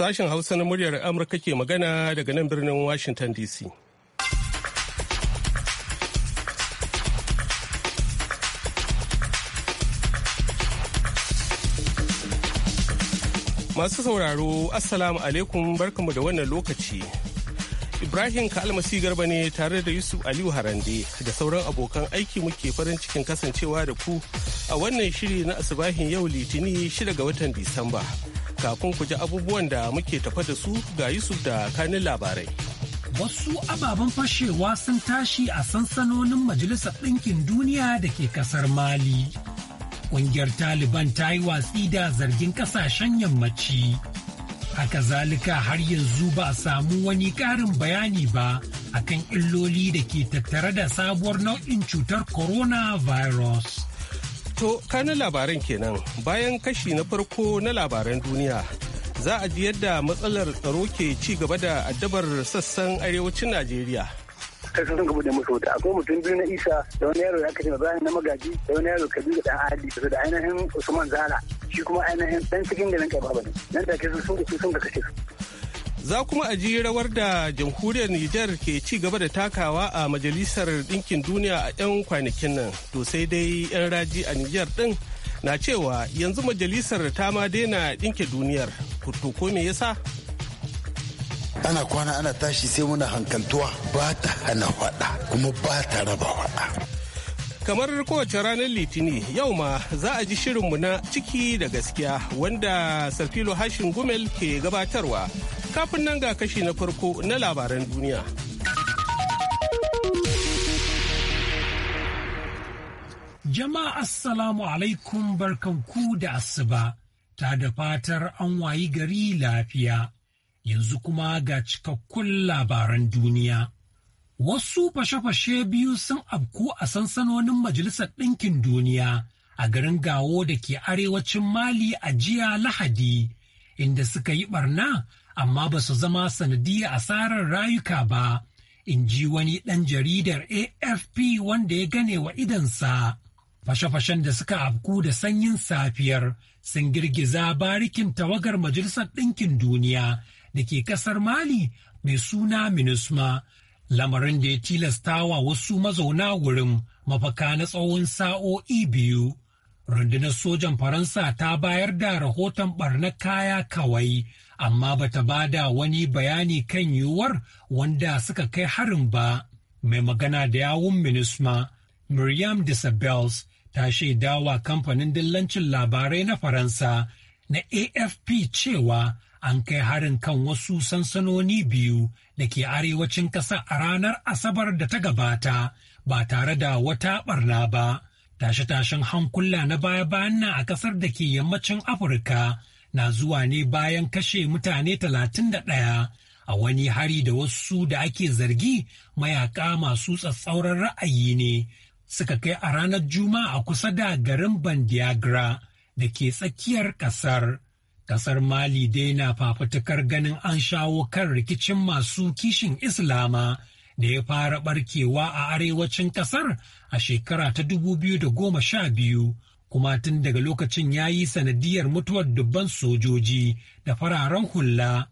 Sashen Hausa na muryar Amurka ke magana daga nan birnin Washington DC. Masu sauraro, Assalamu alaikum barkamu da wannan lokaci. Ibrahim Kalmasi Garba ne tare da Yusuf Aliyu Harande da sauran abokan aiki muke farin cikin kasancewa da ku a wannan shiri na asibahin yau Litini 6 ga watan Disamba. kafin ku ji abubuwan da muke tafa da su ga Yusuf da kanin labarai. Wasu ababen fashewa sun tashi a sansanonin Majalisar Ɗinkin Duniya da ke ƙasar Mali. Ƙungiyar Taliban ta yi watsi da zargin ƙasashen yammaci. Haka zalika har yanzu ba a samu wani ƙarin bayani ba a kan illoli da ke tattare da sabuwar nau'in cutar coronavirus. To, kanan labaran kenan bayan kashi na farko na labaran duniya. Za a ji yadda matsalar tsaro ke ci gaba da addabar sassan arewacin Najeriya. kai sun gaba da musu wuta akwai mutum biyu na isa da wani yaro ya kace bayan na magaji da wani yaro kabiru da ali da ainihin usman zala shi kuma ainihin dan cikin garin kai babu nan da ke sun sun sun ka kashe su Za kuma a ji rawar da jamhuriyar Nijar ke ci gaba da takawa a Majalisar Ɗinkin Duniya a 'yan kwanakin nan, to sai dai 'yan raji a Nijar ɗin na cewa yanzu majalisar ta ma daina ɗinke duniyar, to ko me yasa? Ana kwana ana tashi sai muna hankaltuwa ba ta hana faɗa kuma ba ta raba faɗa. kamar kowace ranar litini yau ma za a ji shirinmu na ciki da gaskiya wanda sarfilo hashin gumel ke gabatarwa Kafin nan ga kashi na farko na labaran duniya. Jama'a Assalamu alaikum barkanku da asuba, ta da fatar an wayi gari lafiya. Yanzu kuma ga cikakkun labaran duniya. Wasu fashe-fashe biyu sun afku a sansanonin Majalisar Ɗinkin Duniya a garin Gawo da ke arewacin Mali a jiya Lahadi, inda suka yi barna amma ba su zama a asarar rayuka ba, in ji wani ɗan jaridar AFP wanda ya gane wa idansa. Fashe-fashen da suka afku da sanyin safiyar sun girgiza barikin tawagar Majalisar Ɗinkin Duniya da ke ƙasar Mali mai suna MINUSMA, lamarin da ya tilastawa wasu mazauna wurin mafaka na tsawon sa'o'i biyu. rundunar sojan faransa ta bayar da rahoton barnar kaya kawai amma bata ba da wani bayani kan yiwuwar wanda suka kai harin ba mai magana da yawun minisma miriam disabels ta shaidawa kamfanin dillancin labarai na faransa na afp cewa an kai harin kan wasu sansanoni biyu da ke arewacin ƙasa a ranar asabar da ta gabata ba tare da wata barna ba. Tashe-tashen hankula na baya-bayan nan a ƙasar da ke yammacin Afirka na zuwa ne bayan kashe mutane 31, a wani hari da wasu da ake zargi mayaka masu tsatsauran ra'ayi ne suka kai a ranar Juma'a kusa da garin Bandiagra da ke tsakiyar ƙasar. Ƙasar Mali dai na fafutukar ganin an shawo kan rikicin masu kishin Islama da ya fara barkewa a arewacin kasar a shekara ta 2012 kuma tun daga lokacin ya yi sanadiyar mutuwar dubban sojoji da fararen hula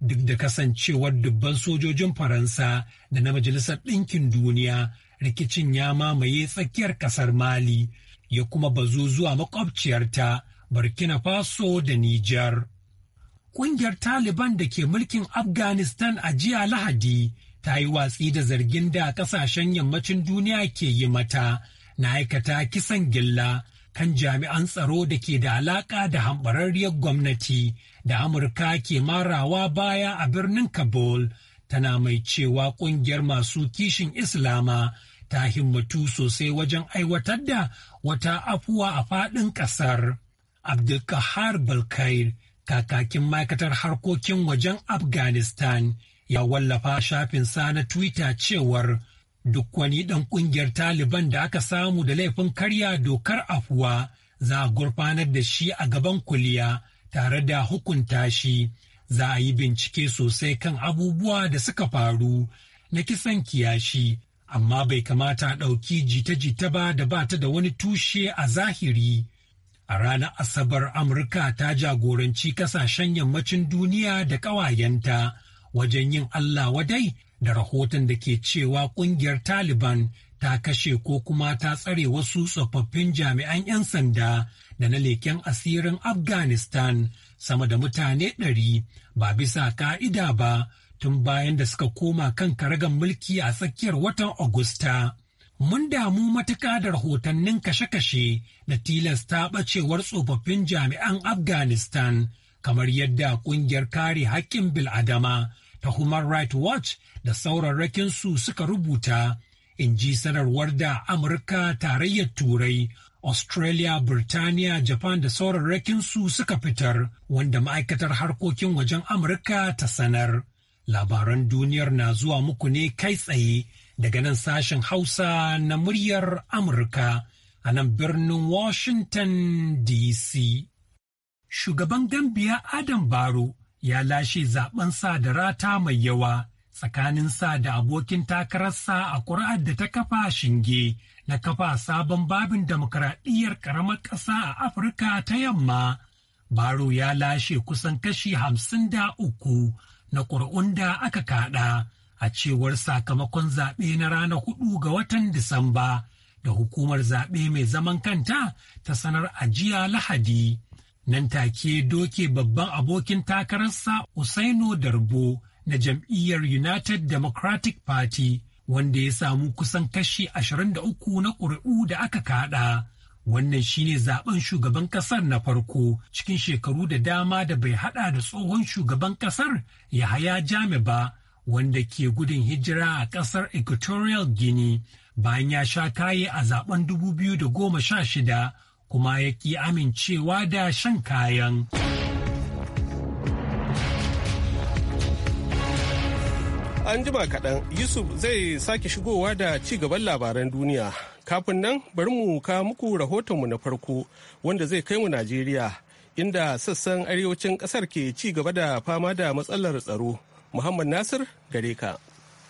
duk da kasancewar dubban sojojin faransa da na majalisar ɗinkin duniya rikicin ya mamaye tsakiyar kasar mali ya kuma bazu zuwa makwabciyarta burkina faso da nijar ƙungiyar taliban da ke mulkin afghanistan a jiya lahadi ta yi watsi da zargin da kasashen yammacin duniya ke yi mata na aikata kisan gilla kan jami'an tsaro da ke da alaka da hambararriyar gwamnati da amurka ke marawa baya a birnin kabul tana mai cewa kungiyar masu kishin islama ta himmatu sosai wajen aiwatar da wata afuwa a faɗin ƙasar abdulkahar balkair kakakin ma'aikatar harkokin wajen afghanistan ya wallafa shafin sa na Twitter cewar duk wani ɗan ƙungiyar Taliban da aka samu da laifin karya dokar afuwa za a gurfanar da shi a gaban kuliya tare da hukunta shi. Za a yi bincike sosai kan abubuwa da suka faru na kisan kiyashi, amma bai kamata a ɗauki jita-jita ba da ba ta da wani tushe a zahiri. A ranar Asabar Amurka ta jagoranci kasashen yammacin duniya da ƙawayenta. wajen yin Allah wadai da rahoton da ke cewa kungiyar Taliban ta kashe ko kuma ta tsare wasu tsofaffin jami'an 'yan sanda da na leken asirin Afghanistan sama da mutane ɗari ba bisa ka'ida ba tun bayan da suka koma kan karagan mulki a tsakiyar watan Agusta. mun damu matuƙa da rahotannin kashe-kashe da tilasta ɓacewar tsofaffin jami'an Afghanistan kamar yadda ƙungiyar kare hakkin bil'adama ta Human Rights Watch da saurarrakinsu suka rubuta, in ji sanarwar da Amurka tarayyar Turai, Australia, Birtaniya, Japan da saurarrakinsu suka fitar, wanda ma'aikatar harkokin wajen Amurka ta sanar. Labaran duniyar na zuwa muku ne kai tsaye daga nan sashen Hausa na muryar Amurka a nan birnin Washington DC. shugaban Gambiya Adam Baro ya lashe zaben sa da rata mai yawa tsakanin sa da abokin takararsa a ƙuri'ar da ta kafa shinge na kafa sabon babin demokradiyyar ƙaramar ƙasa a Afirka ta yamma. Baro ya lashe kusan kashi hamsin da uku na ƙuri'un da aka kaɗa a cewar sakamakon zaɓe na rana hudu ga watan Disamba da hukumar zaɓe mai zaman kanta ta sanar ajiya Lahadi. nan take doke babban abokin takararsa Usaino Darbo na jam'iyyar United Democratic Party wanda ya samu kusan kashi 23 na ƙuri'u da aka kaɗa. Wannan shine zaɓen shugaban ƙasar na farko cikin shekaru da dama da bai haɗa da tsohon shugaban ƙasar ya haya Jami ba wanda ke gudun hijira a ƙasar Equatorial Guinea bayan ya sha kaye a zaben 2016 kuma ya ki amincewa da shan kayan. An jima kaɗan Yusuf zai sake shigowa da ci gaban labaran duniya. Kafin nan bari mu ka muku rahotonmu na farko wanda zai kai mu Najeriya inda sassan arewacin ƙasar ke ci gaba da fama da matsalar tsaro. Muhammad Nasir gare ka.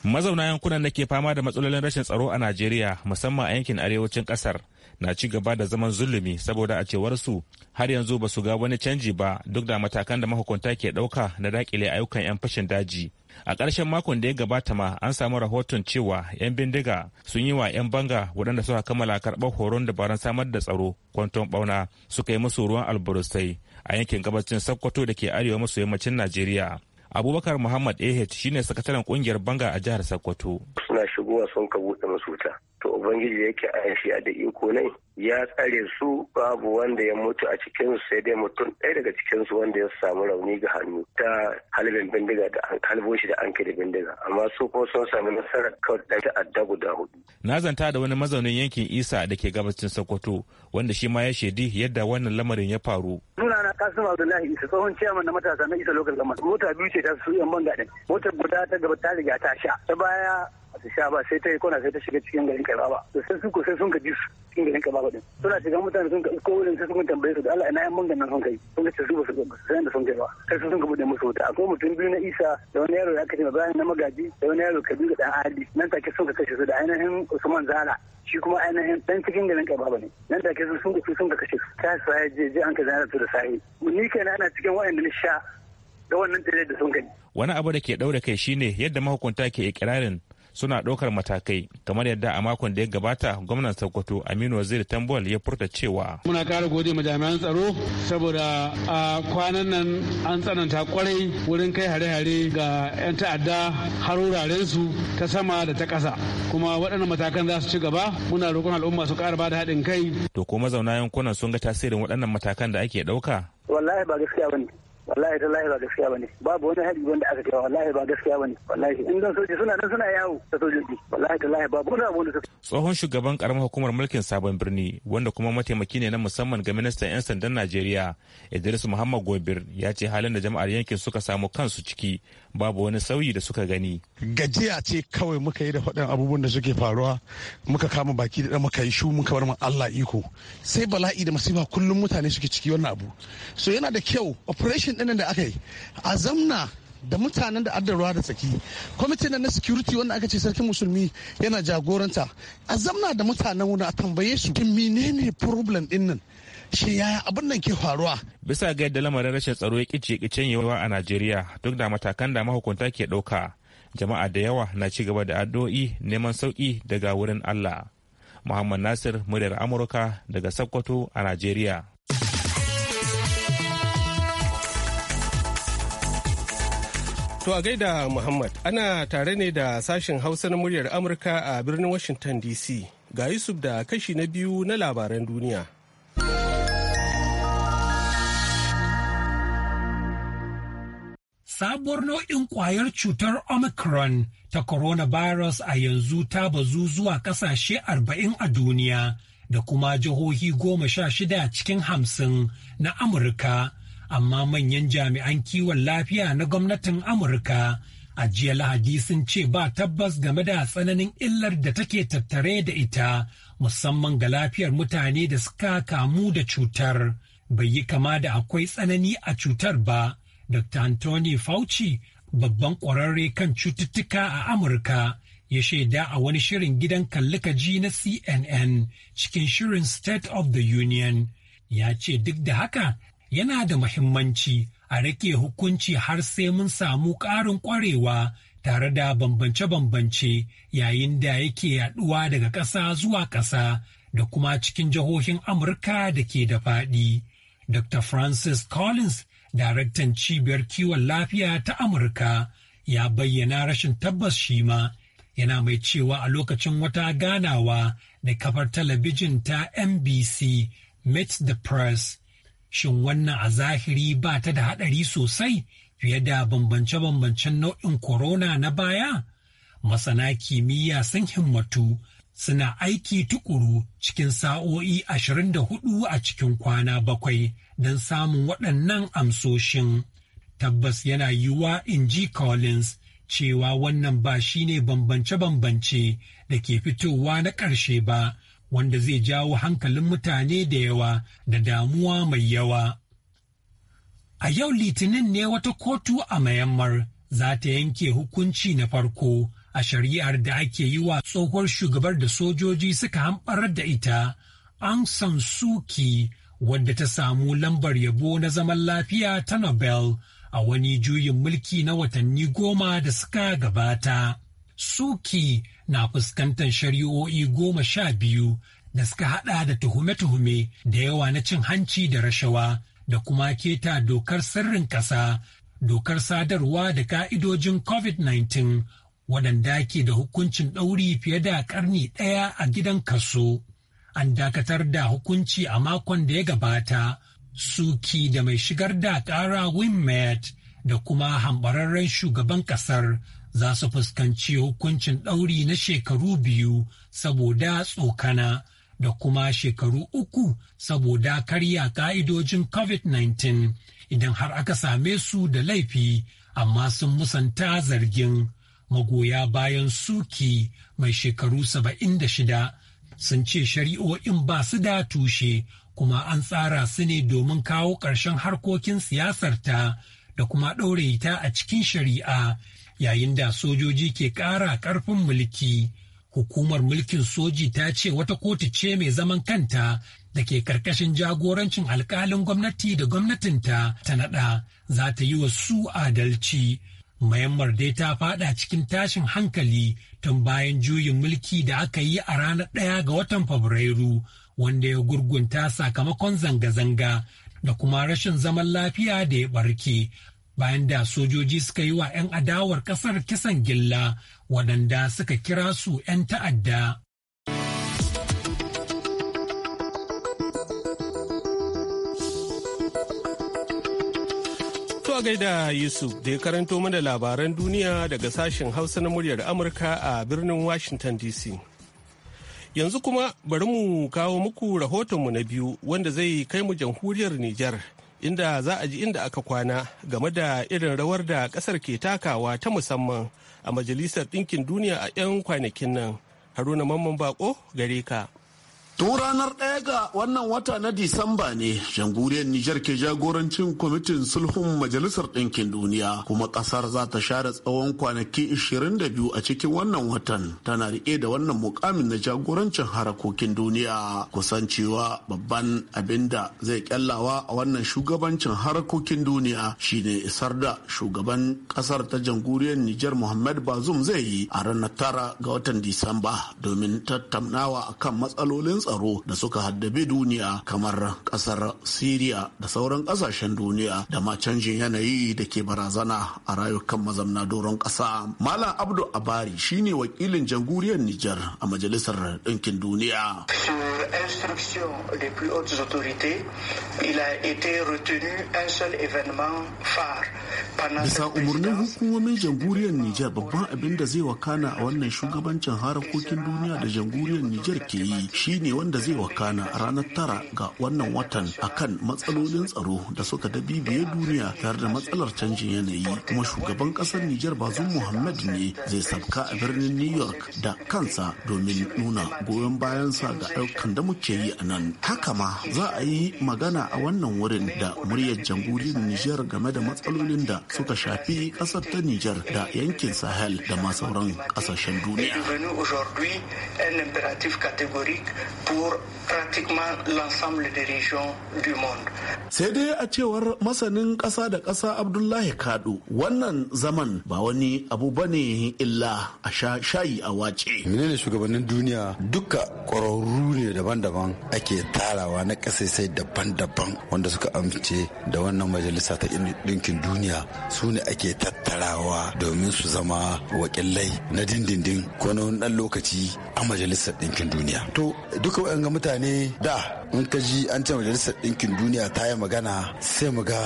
mazauna yankunan da ke fama da matsalolin rashin tsaro a najeriya musamman a yankin arewacin kasar na ci gaba da zaman zulumi saboda a cewar su har yanzu ba su ga wani canji ba duk da matakan da mahukunta ke ɗauka na dakile ayyukan 'yan fashin daji a ƙarshen makon da ya gabata ma an samu rahoton cewa 'yan bindiga sun yi wa 'yan banga waɗanda suka kammala karɓar horon dabarun samar da tsaro kwanton ɓauna suka yi musu ruwan alburusai a yankin gabacin sokoto da ke arewa maso yammacin najeriya abubakar muhammad eh shine sakataren kungiyar banga a jihar sokoto suna shigowa sun ka buɗe musu wuta to ubangiji yake an shi da iko ne ya tsare su babu wanda ya mutu a cikinsu sai dai mutum ɗaya daga cikinsu wanda ya samu rauni ga hannu ta halibin bindiga da kalbo shi da an kiri bindiga amma su ko sun samu nasarar kawai ta adda guda hudu. na zanta da wani mazaunin yankin isa da ke gabacin sokoto wanda shi ma ya shaidi yadda wannan lamarin ya faru. suna na kasim abdullahi isa tsohon ciyaman na matasa na isa lokal gama mota biyu ce ta su yan banga ɗin motar guda ta gaba ta riga ta sha ta baya su sha ba sai ta yi kona sai ta shiga cikin garin kai ba to sai su sai sun ka ji cikin garin kai ba din suna shiga mutane sun ka ko wurin sai sun tambaye su da Allah ina yan mun ganin sun kai sun ka ce su ba su san da sun kai ba sai sun ka bude musu wuta akwai mutum biyu na Isa da wani yaro da aka ce bayan na magaji da wani yaro da dan Ali nan take sun ka kashe su da ainihin Usman Zala shi kuma ainihin dan cikin garin kai kaba ne nan take ke su sun sun ka kashe ta ya je je an ka zana su da sai ni kenan ana cikin waɗanda na sha da wannan tare da sun gani wani abu da ke daure kai shine yadda mahukunta ke ikirarin suna ɗaukar matakai kamar yadda a makon da ya gabata gwamnan sokoto aminu waziri tambol ya furta cewa muna kara gode ma jami'an tsaro saboda a kwanan nan an tsananta kwarai wurin kai hare-hare ga 'yan ta'adda har wuraren su ta sama da ta ƙasa kuma waɗannan matakan za su ci gaba muna roƙon al'umma su ƙara bada haɗin kai to ko mazauna yankunan sun ga tasirin waɗannan matakan da ake ɗauka wallahi ba gaskiya bane wallahi da ba gaskiya bane babu wani hari wanda aka kai wallahi ba gaskiya bane wallahi in dan suna nan suna yawo da sojoji wallahi da babu wani abu da tsohon shugaban karamar hukumar mulkin sabon birni wanda kuma mataimaki ne na musamman ga ministan yan sandan Najeriya Idris Muhammad Gobir ya ce halin da jama'ar yankin suka samu kansu ciki babu wani sauyi da suka gani gajiya ce kawai muka yi da faɗin abubuwan da suke faruwa muka kama baki da muka yi shu muka bar Allah iko sai bala'i da masifa kullum mutane suke ciki wannan abu so yana da kyau operation dinnan da aka yi a zamna da mutanen da ruwa da tsaki kwamiti na security wanda aka ce sarkin musulmi yana jagoranta a zamna da mutanen wuna a tambaye su menene problem dinnan shi yaya abin nan ke faruwa bisa ga yadda lamarin rashin tsaro ya kice kicen yawa a najeriya duk da matakan da mahukunta ke ɗauka jama'a da yawa na ci gaba da addu'o'i neman sauki daga wurin allah muhammad nasir muryar amurka daga sokoto a najeriya To a gaida Muhammad ana tare ne da sashen Hausa na muryar Amurka a birnin Washington DC ga Yusuf da kashi na biyu na labaran duniya. Sabuwar nau'in kwayar cutar Omicron ta coronavirus a yanzu ta bazu zuwa kasashe arba'in a duniya da kuma jihohi goma sha shida cikin hamsin na Amurka. amma manyan jami'an kiwon lafiya na gwamnatin Amurka a jiya Lahadi sun ce ba tabbas game da tsananin illar da take tattare da ita musamman ga lafiyar mutane da suka kamu da cutar. Bai yi kama da akwai tsanani a cutar ba, Dr. Anthony Fauci babban ƙwararre kan cututtuka a Amurka ya shaida a wani shirin gidan kallikaji na CNN cikin shirin State of the Union. Ya ce duk da haka yana da mahimmanci a rike hukunci har sai mun samu ƙarin ƙwarewa tare da bambance-bambance yayin da yake yaɗuwa daga ƙasa zuwa ƙasa da kuma cikin jihohin Amurka da ke da faɗi. Dr. Francis Collins, daraktan cibiyar kiwon lafiya ta Amurka, ya bayyana rashin tabbas shi ma yana mai cewa a lokacin wata ganawa da kafar talabijin ta NBC Meet the Press shin wannan a zahiri ba ta da haɗari sosai fiye da bambance-bambancen nau'in korona na baya? Masana kimiyya sun himmatu suna aiki tukuru cikin sa'o'i ashirin da hudu a cikin kwana bakwai don samun waɗannan amsoshin. Tabbas yana yiwuwa in ji Collins cewa wannan ba shi ne bambance-bambance da ke fitowa na ƙarshe ba wanda zai jawo hankalin mutane da yawa da damuwa mai yawa. A yau Litinin ne wata kotu a Mayammar za ta yanke hukunci na farko a shari'ar da ake yi wa tsohuwar shugabar da sojoji suka hamɓar da ita, Aung San Suu wadda ta samu lambar yabo na zaman lafiya ta Nobel a wani juyin mulki na watanni goma da suka gabata. Suki na fuskantar shari'o'i goma sha biyu da suka hada da tuhume-tuhume da yawa na cin hanci da rashawa da kuma keta dokar sirrin ƙasa dokar sadarwa da ka'idojin covid-19 waɗanda ke da hukuncin ɗauri fiye da ƙarni ɗaya a gidan kaso an dakatar da hukunci a makon da ya gabata suki da mai shigar da ƙara winmet da kuma hambararren shugaban ƙasar za su fuskanci hukuncin ɗauri na shekaru biyu saboda tsokana da kuma shekaru uku saboda karya ka'idojin covid-19 idan har aka same su da laifi amma sun musanta zargin magoya bayan suki mai shekaru 76 sun ce shari'o'in ba su da tushe kuma an tsara su ne domin kawo ƙarshen harkokin siyasarta da kuma ɗaure ta a cikin shari'a yayin da sojoji ke ƙara ƙarfin mulki. Hukumar mulkin soji ta ce wata kotu ce mai zaman kanta da ke ƙarƙashin jagorancin alƙalin gwamnati da gwamnatinta ta naɗa za ta yi wa su adalci. Mayammar dai ta fada cikin tashin hankali tun bayan juyin mulki da aka yi a ranar ɗaya ga watan Fabrairu wanda ya gurgunta sakamakon zanga-zanga da kuma rashin zaman lafiya da ya barke bayan da sojoji suka yi wa 'yan adawar kasar kisan gilla waɗanda suka kira su 'yan ta'adda. To gaida Yusuf da ya karanto mana labaran duniya daga sashen Hausa na muryar Amurka a birnin Washington DC. Yanzu kuma bari mu kawo muku rahotonmu na biyu wanda zai kai mu jamhuriyar Nijar. inda za a ji inda aka kwana game da irin rawar da kasar ke takawa ta musamman a majalisar ɗinkin duniya a 'yan kwanakin nan haruna mamman bako gare ka Tun ranar ɗaya ga wannan wata na Disamba ne, jamhuriyar Nijar ke jagorancin kwamitin sulhun Majalisar Ɗinkin Duniya, kuma ƙasar za ta share tsawon kwanaki 22 a cikin wannan watan, tana riƙe da wannan mukamin na jagorancin harakokin duniya. Kusan cewa babban abin da zai ƙyallawa a wannan shugabancin harakokin duniya shine isar da shugaban ƙasar ta jamhuriyar Nijar Muhammad Bazum zai yi a ranar tara ga watan Disamba domin tattaunawa akan matsalolin tsaro da suka haddabi duniya kamar kasar Siriya da sauran kasashen duniya da ma canjin yanayi da ke barazana a rayukan mazamna doron kasa. Malam Abdu Abari shine wakilin janguriyar Nijar a Majalisar Ɗinkin Duniya. Bisa umarnin hukumomin janguriyar Nijar babban abin da zai wakana a wannan shugabancin harakokin duniya da janguriyar Nijar ke yi shine ne wanda zai wakana ranar tara ga wannan watan a kan matsalolin tsaro da suka dabibiye duniya tare da matsalar canjin yanayi kuma shugaban kasar Nijar bazu Muhammad ne zai sabka a birnin New York da kansa domin nuna goyon bayansa ga ayyukan da muke yi a nan. Haka ma za a yi magana a wannan wurin da muryar jamhuriyar Nijar game da matsalolin da suka shafi kasar ta Nijar da yankin Sahel da ma sauran kasashen duniya. pour pratiquement l'ensemble des régions du monde. Sai dai a cewar masanin ƙasa da ƙasa Abdullahi Kadu wannan zaman ba wani abu ba illa a sha shayi a wace. Menene shugabannin duniya duka ƙwararru ne daban-daban ake tarawa na sai daban-daban wanda suka amince da wannan majalisa ta ɗinkin duniya su ne ake tattarawa domin su zama wakilai na dindindin ko na lokaci a majalisar ɗinkin duniya. To duka waɗanga mutane da in ka ji an ce majalisar ɗinkin duniya ta yi magana sai mu ga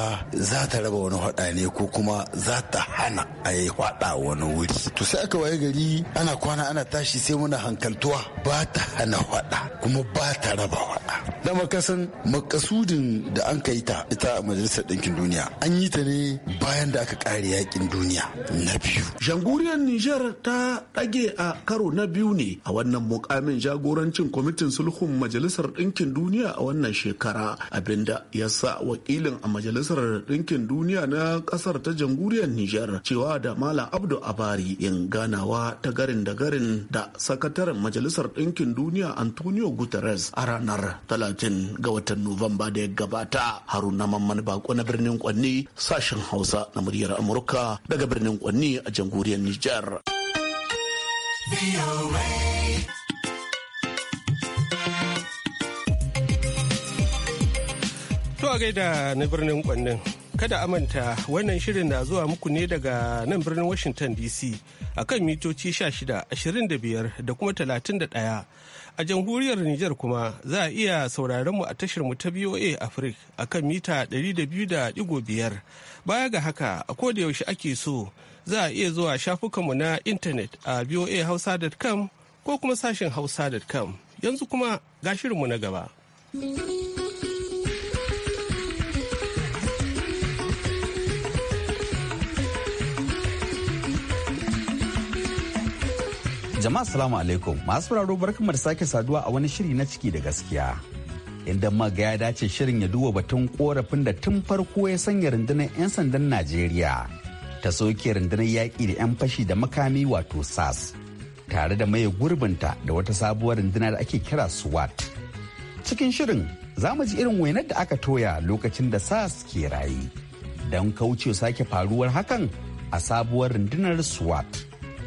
za ta raba wani haɗa ne ko kuma za ta hana a yi haɗa wani wuri to sai aka waye gari ana kwana ana tashi sai muna hankaltuwa ba ta hana haɗa kuma ba ta raba haɗa da makasan makasudin da an kai ta ita a majalisar ɗinkin duniya an yi ta ne bayan da aka ƙare yakin duniya na biyu janguriyar niger ta ɗage a karo na biyu ne a wannan mukamin jagorancin kwamitin sulhun majalisar ɗinkin duniya a wannan shekara abinda ya sa wakilin a majalisar ɗinkin duniya na ƙasar ta janguriyar niger cewa da malam abdu abari yin ganawa ta garin da garin da sakataren majalisar ɗinkin duniya antonio guterres a ranar talatin ga watan Nuwamba da ya gabata. Haruna Mamman Bako na birnin Kwanni sashen Hausa na muryar Amurka daga birnin Kwanni a jamhuriyar Nijar. To a gaida na birnin Kwannin. kada a manta wannan shirin na zuwa muku ne daga nan birnin Washington DC akan mitoci 16, 25 da kuma 31. A jamhuriyar Nijar kuma za a iya sauraron mu a tashar mu ta BOA Africa a kan mita 200.5. Baya ga haka a koda yaushe ake so za a iya zuwa shafukanmu na intanet a boahausa.com ko kuma sashen hausa.com. Yanzu kuma ga shirinmu na gaba. Jama'a salamu alaikum masu sauraro barkamu da sake saduwa a wani shiri na ciki da gaskiya. Inda maga ya dace shirin ya duba batun korafin da tun farko ya sanya rundunar 'yan sandan Najeriya ta soke rundunar yaƙi da 'yan fashi da makami wato SAS tare da maye gurbinta da wata sabuwar rundunar da ake kira SWAT. Cikin shirin za mu ji irin wainar da aka toya lokacin da SAS ke rayu don kauce sake faruwar hakan a sabuwar rundunar SWAT.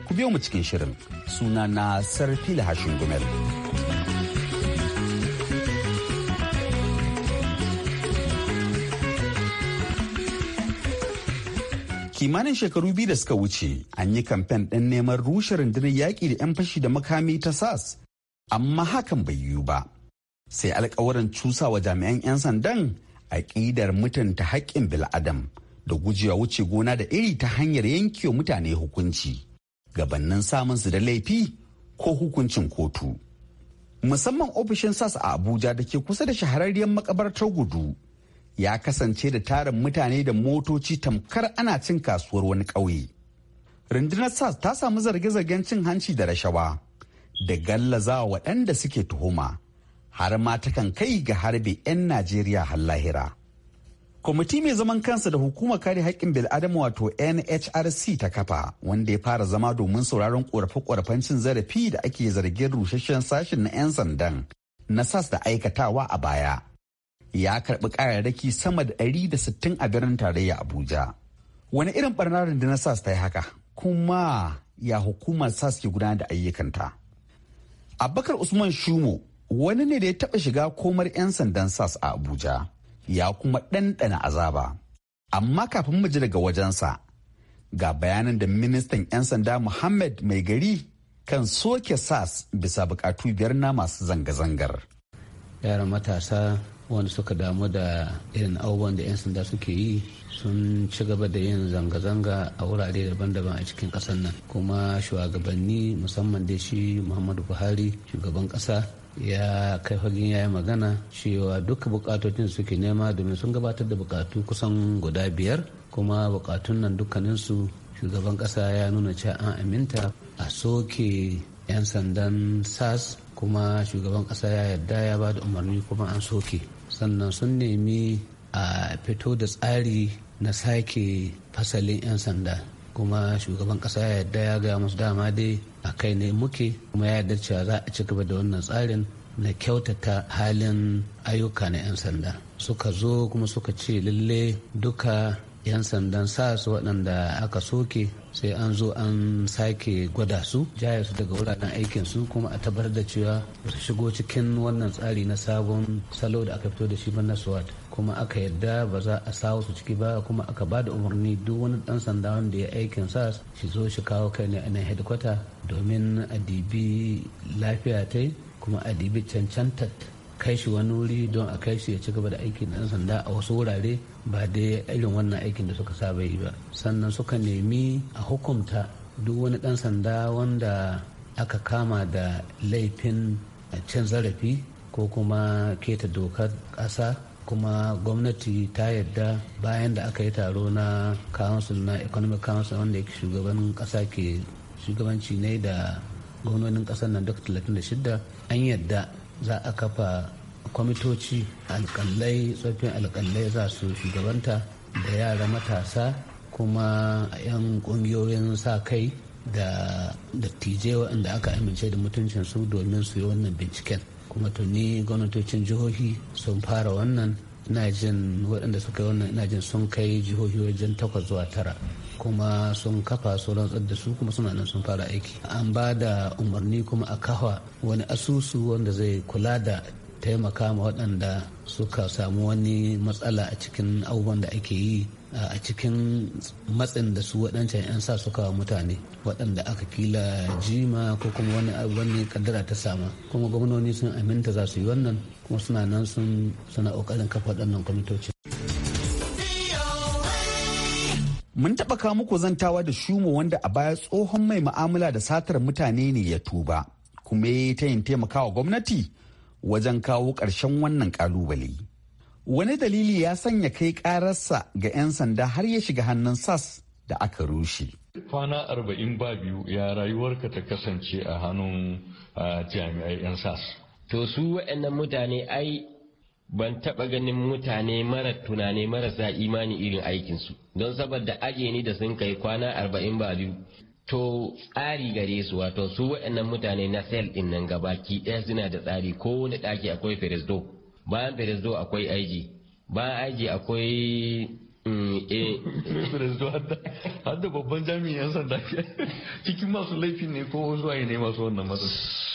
ku biyo mu cikin shirin suna na sarfila hashin gumel. kimanin shekaru biyu da suka wuce an yi kamfen ɗin neman rushe rundunar yaƙi da 'yan fashi da makami ta sas amma hakan bai yiwu ba sai cusa wa jami'an 'yan sandan aƙidar mutunta haƙƙin bil'adam da gujewa wuce gona da iri ta hanyar yankewa mutane hukunci gabannin samunsu da laifi ko hukuncin kotu. Musamman ofishin SAS a Abuja da ke kusa da shahararriyar makabartar gudu ya kasance da tarin mutane da motoci tamkar ana cin kasuwar wani ƙauye. Rundunar SAS ta samu zarge-zargen cin hanci da rashawa da gallazawa waɗanda suke tuhuma har ma takan kai ga harbe 'yan Najeriya har lahira. kwamiti mai zaman kansa da hukumar kare haƙƙin bil'adam wato nhrc ta kafa wanda ya fara zama domin sauraron ƙorafe-ƙorafen cin zarafi da ake zargin rusasshen sashen na 'yan sandan na sas da aikatawa a baya ya karɓi ƙararraki sama da da sittin a birnin tarayya abuja wani irin barnar da na sas ta yi haka kuma ya hukumar sas ke gudanar da ayyukanta abubakar usman shumo wani ne da ya taɓa shiga komar 'yan sandan sas a abuja ya kuma ɗanɗana azaba. Amma kafin mu ji daga wajensa, ga bayanin da ministan 'yan sanda Muhammad mai gari kan soke SAS bisa bukatu biyar na masu zanga-zangar. Yaran matasa wanda suka damu da irin abubuwan da 'yan sanda suke yi sun ci gaba da yin zanga-zanga a wurare daban-daban a cikin ƙasar nan kuma shugabanni musamman da shi muhammadu buhari shugaban kasa. ya kai fagen ya yi magana cewa duka bukatocin suke nema domin sun gabatar da bukatu kusan guda biyar kuma bukatun nan dukkaninsu shugaban kasa ya nuna cewa an aminta a soke 'yan sandan sas kuma shugaban kasa ya yarda ya ba da umarni kuma an soke sannan sun nemi a fito da tsari na sake fasalin 'yan sanda kuma shugaban kasa ya yarda ya gaya musu dama dai a kai ne muke kuma ya yarda cewa za a ci gaba da wannan tsarin na kyautata halin ayyuka na 'yan sanda suka zo kuma suka ce lalle duka 'yan sandan sa su waɗanda aka soke sai an zo an sake gwada su jaya su daga wuraren aikin su kuma a tabbatar da cewa su shigo cikin wannan tsari na sabon salo da aka fito da shi na swat kuma aka yadda ba za a sawo su ciki ba kuma aka ba da umarni duk wani dan sanda wanda ya aikin sa shi zo shi kawo kai ne a nan headquarter domin a dibi lafiya ta kuma a dibi cancantar kai shi wani wuri don a kai shi ya ci gaba da aikin ɗan sanda a wasu wurare ba dai irin wannan aikin da suka saba yi ba sannan suka nemi a hukumta duk wani ɗan sanda wanda aka kama da laifin cin zarafi ko kuma keta dokar ƙasa kuma gwamnati ta yadda bayan da aka yi taro na council na economic council wanda yake shugaban ƙasa ke shugabanci ne da gwamnonin ƙasar nan duk 36 an yadda za a kafa kwamitoci alƙalai tsoffin alkalai za su shugabanta da yara matasa kuma 'yan ƙungiyoyin sa kai da dattijai waɗanda aka amince da mutuncin su domin su yi wannan binciken kuma tuni gwamnatocin jihohi sun fara wannan ina jin waɗanda suka yi wannan ina jin sun kai jihohi wajen takwas zuwa tara kuma sun kafa su rantsar da su kuma suna nan sun fara aiki an ba da umarni kuma a kafa wani asusu wanda zai kula da taimaka ma waɗanda suka samu wani matsala a cikin abubuwan da ake yi a cikin matsin da su waɗancan 'yan sa suka wa mutane waɗanda aka kila jima ko kuma wani wani kaddara ta sama kuma gwamnoni sun aminta za su yi wannan kuma suna nan sun suna ƙoƙarin kafa waɗannan kwamitoci. Mun taɓa kawo muku zantawa da Shumo wanda a baya tsohon mai ma'amala da satar mutane ne ya tuba kuma ya yi ta yin taimakawa gwamnati wajen kawo ƙarshen wannan ƙalubale. wani dalili ya sanya kai ƙararsa ga 'yan sanda har ya shiga hannun sas da aka rushe. kwana arba'in ba biyu ya rayuwarka ta kasance a hannun jami'ai 'yan sas to su waɗannan mutane ai ban taɓa ganin mutane mara tunani marasa imani irin aikinsu don saboda aje ni da sun kai kwana arba'in ba biyu to tsari gare su wato su waɗannan mutane na sel ɗin nan gabaki ɗaya suna da tsari ko wani ɗaki akwai firisto bayan Perezdo akwai IG bayan IG akwai mm, eh, Perezdo har da babban jami'an sanda cikin masu laifin ne ko zuwa ne masu wannan matsa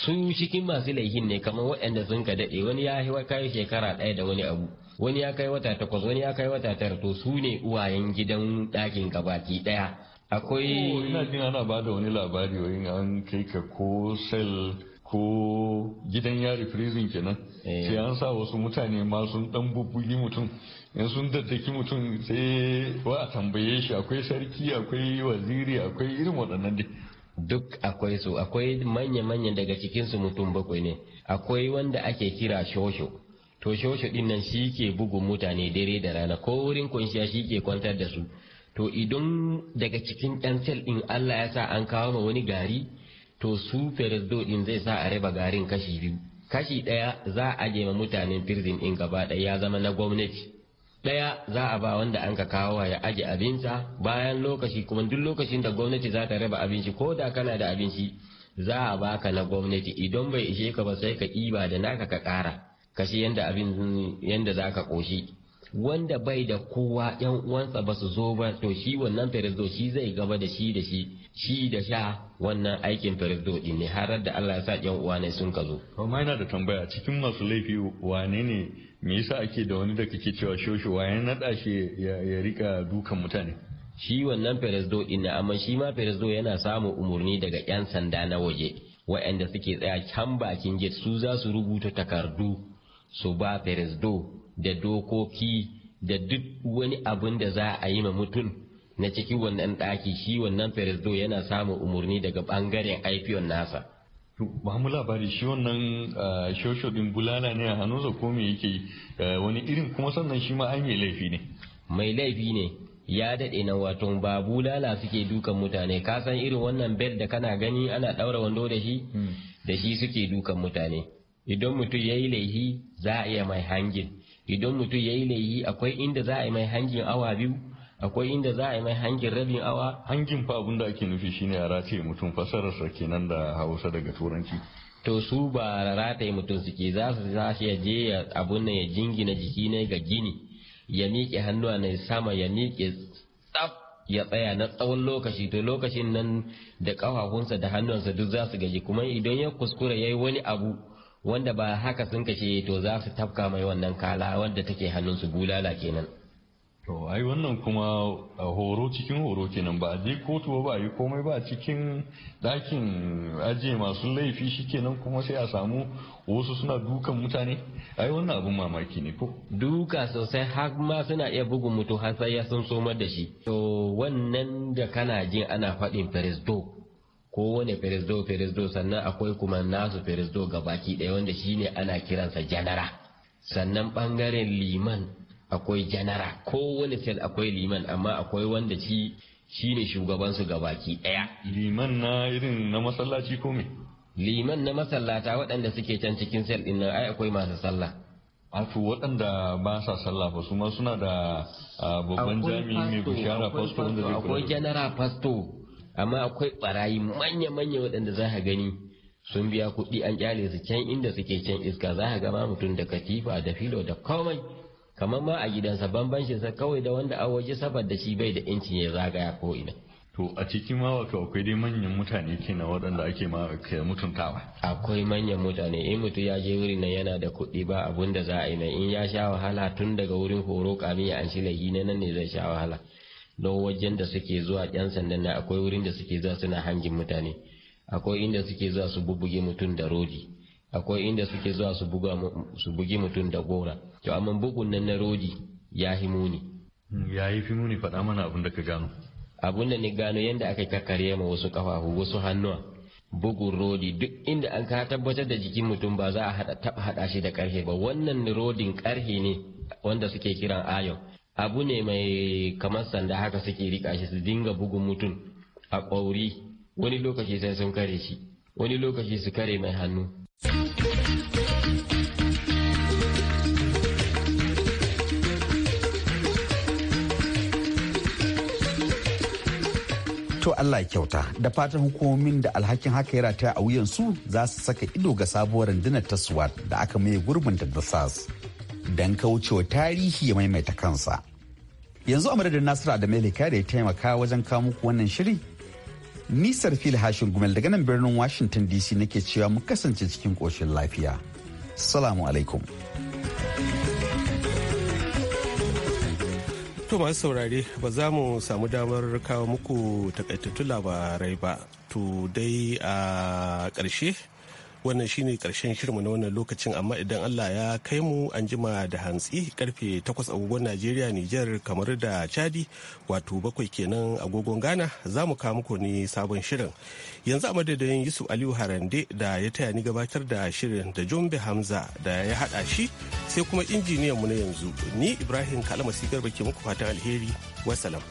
su cikin masu laifin ne kamar waɗanda sun ka daɗe wani ya kai shekara ɗaya da wani abu wani ya kai wata takwas wani ya kai wata tara to su ne uwayen gidan ɗakin ka baki ɗaya akwai oh, ina jin ana ba da wani labari wani an kai ka ko sel ko gidan yari prison kenan eh. sai an sa wasu mutane ma sun dan bubbugi mutum in sun daddaki mutum sai wa a tambaye shi akwai sarki akwai waziri akwai irin waɗannan dai duk akwai su akwai manya-manya daga cikinsu mutum bakwai ne akwai wanda ake kira shosho to shosho din nan shi ke bugun mutane dare da rana ko wurin kunshiya shi ke kwantar da su to idan daga cikin ɗan sel ɗin allah ya sa an kawo ma wani gari to su feres din zai sa a raba garin kashi biyu kashi ɗaya za a je ma mutanen firzin in gaba ɗaya ya zama na gwamnati ɗaya za a ba wanda an ka kawo ya aje abinsa bayan lokaci kuma duk lokacin da gwamnati za ta raba abinci ko da kana da abinci za a baka na gwamnati idan bai ishe ka ba sai ka ɗiba da naka ka ƙara kashi yanda abin yanda za ka ƙoshi wanda bai da kowa yan uwansa ba su zo ba to shi wannan firizdo shi zai gaba da shi da shi shi da sha wannan aikin firizdo din ne har da Allah ya sa yan uwa ne sun kazo. to mai yana da tambaya cikin masu laifi wane ne me yasa ake da wani da kake cewa shoshi waye d'a shi ya rika dukan mutane shi wannan firizdo din ne amma shi ma firizdo yana samun umurni daga yan sanda na waje waɗanda suke tsaya can bakin gate su za su rubuta takardu su ba firizdo da dokoki da duk wani abin da za a yi ma mutum na cikin wannan ɗaki shi wannan feresdo yana samun umarni daga ɓangaren iphone nasa ba mu labari shi wannan ah, shosho din bulala ne a hannunsa ko me yake eh, wani irin kuma sannan shi ma an yi laifi ne mai laifi ne ya daɗe na wato ba bulala suke dukan mutane ka san irin wannan bel da kana gani ana ɗaura wando da shi hmm. da shi suke dukan mutane idan mutum ya yi laifi za a iya mai hangin idan mutum ya yi laifi akwai inda za a yi mai hangin awa biyu akwai inda za a yi mai hangin rabin awa hangin fa abin da ake nufi shine a rataye mutum fasarar fasararsa kenan da hausa daga turanci to su ba rataye mutum suke za su za shi ya je abun nan ya jingina jiki ne ga gini ya miƙe hannuwa na sama ya miƙe tsaf ya tsaya na tsawon lokaci to lokacin nan da ƙafafunsa da hannunsa duk za su gaji kuma idan ya kuskura ya yi wani abu wanda ba haka sun kashe to za su tafka mai wannan kala wanda take hannunsu bulala kenan to ai wannan kuma horo cikin horo kenan ba a je kotu ba a yi komai ba cikin ɗakin ajiye masu laifi shi kenan kuma sai a samu wasu suna dukan mutane ai wannan abun mamaki ne ko duka sosai har ma suna iya bugun mutu har sai ya sun somar da shi to wannan da kana jin ana faɗin firisto Ko wani firisdo firisdo sannan akwai kuma nasu feresdo gabaki ɗaya wanda shine ana kiransa janara sannan ɓangaren liman akwai janara Ko wani sel akwai liman amma akwai wanda shi shine shugabansu gabaki ɗaya liman na irin na masallaci ko me liman na masallata waɗanda suke can cikin sel ɗin nan ai akwai masu sallah wato waɗanda ba sa sallah ba su ma suna da ah, babban jami'i mai bishara fasto wanda zai akwai janara fasto amma akwai barayi manya-manya waɗanda za a gani sun biya kuɗi an kyale su can inda suke can iska za a gama mutum da katifa da filo da komai kamar ma a gidansa bambancin sa kawai da wanda a waje saboda shi bai da incin ya zagaya ko ina to a cikin ma wato akwai dai manyan mutane kenan waɗanda ake ma mutuntawa akwai manyan mutane in mutum ya je wurin nan yana da kuɗi ba abun da za a yi na in ya sha wahala tun daga wurin horo kamin ya an shi na nan ne zai sha wahala don wajen da suke zuwa yan sandan na akwai wurin da suke zuwa suna hangin mutane akwai inda suke zuwa su bubuge mutum da rodi akwai inda suke zuwa su bugi mutum da gora to amma bugun nan na rodi ya himu muni ya yi fi muni faɗa mana abin da ka gano abin da ni gano yadda aka kakkare ma wasu kafafu wasu hannuwa bugun rodi duk inda an ka tabbatar da jikin mutum ba za a taɓa haɗa shi da ƙarfe ba wannan rodin ƙarfe ne wanda suke kiran ayon abu ne mai kamar sanda haka suke rika shi su dinga bugun mutum a ƙwauri wani lokaci sai sun kare shi wani lokaci su kare mai hannu To Allah kyauta da fatan hukumomin da alhakin haka ya rataya a wuyansu za su saka ido ga sabuwar rundunar ta SWAT da aka maye gurbin da SARS. don kaucewa tarihi ya maimaita kansa. Yanzu a madadin Nasiru Adamelika da ya taimaka wajen kawo muku wannan shiri. Nisar fil hashin gumel daga nan birnin Washington DC nake cewa mu kasance cikin koshin lafiya. Salamu alaikum. To masu saurare ba za mu samu damar kawo muku takaitattun labarai ba. To dai a ƙarshe wannan shine karshen shirma na wannan lokacin amma idan allah ya kai mu an jima da hantsi karfe 8 agogon najeriya niger kamar da chadi wato bakwai kenan agogon ghana za mu kawo muku ne sabon shirin yanzu a madadin yusuf aliyu harande da ya taya ni gabatar da shirin da jumbe hamza da ya hada shi sai kuma injiniyan mu na yanzu ni ibrahim kalama sigar ke muku fatan alheri wasalam